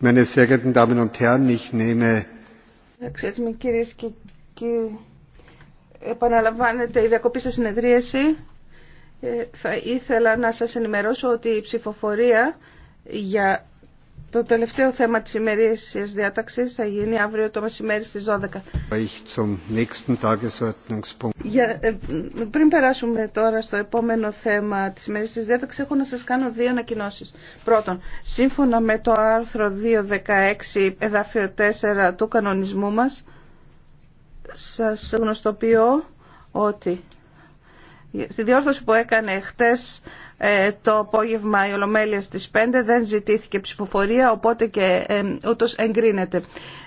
Meine sehr geehrten Damen und Herren, ich nehme... Εξαιρετικοί κυρίε και κύριοι, επαναλαμβάνεται η διακοπή σα συνεδρίαση. Ε, θα ήθελα να σας ενημερώσω ότι η ψηφοφορία για το τελευταίο θέμα της ημερήσιας διάταξης θα γίνει αύριο το μεσημέρι στις 12. Για, ε, πριν περάσουμε τώρα στο επόμενο θέμα της ημερήσιας διάταξης, έχω να σας κάνω δύο ανακοινώσεις. Πρώτον, σύμφωνα με το άρθρο 216 εδάφιο 4 του κανονισμού μας, σας γνωστοποιώ ότι στη διόρθωση που έκανε χτες ε, το απόγευμα η Ολομέλεια στις 5 δεν ζητήθηκε ψηφοφορία οπότε και ε, ούτως εγκρίνεται.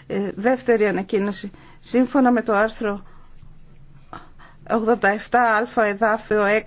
Ε, δεύτερη ανακοίνωση. Σύμφωνα με το άρθρο 87α εδάφιο 6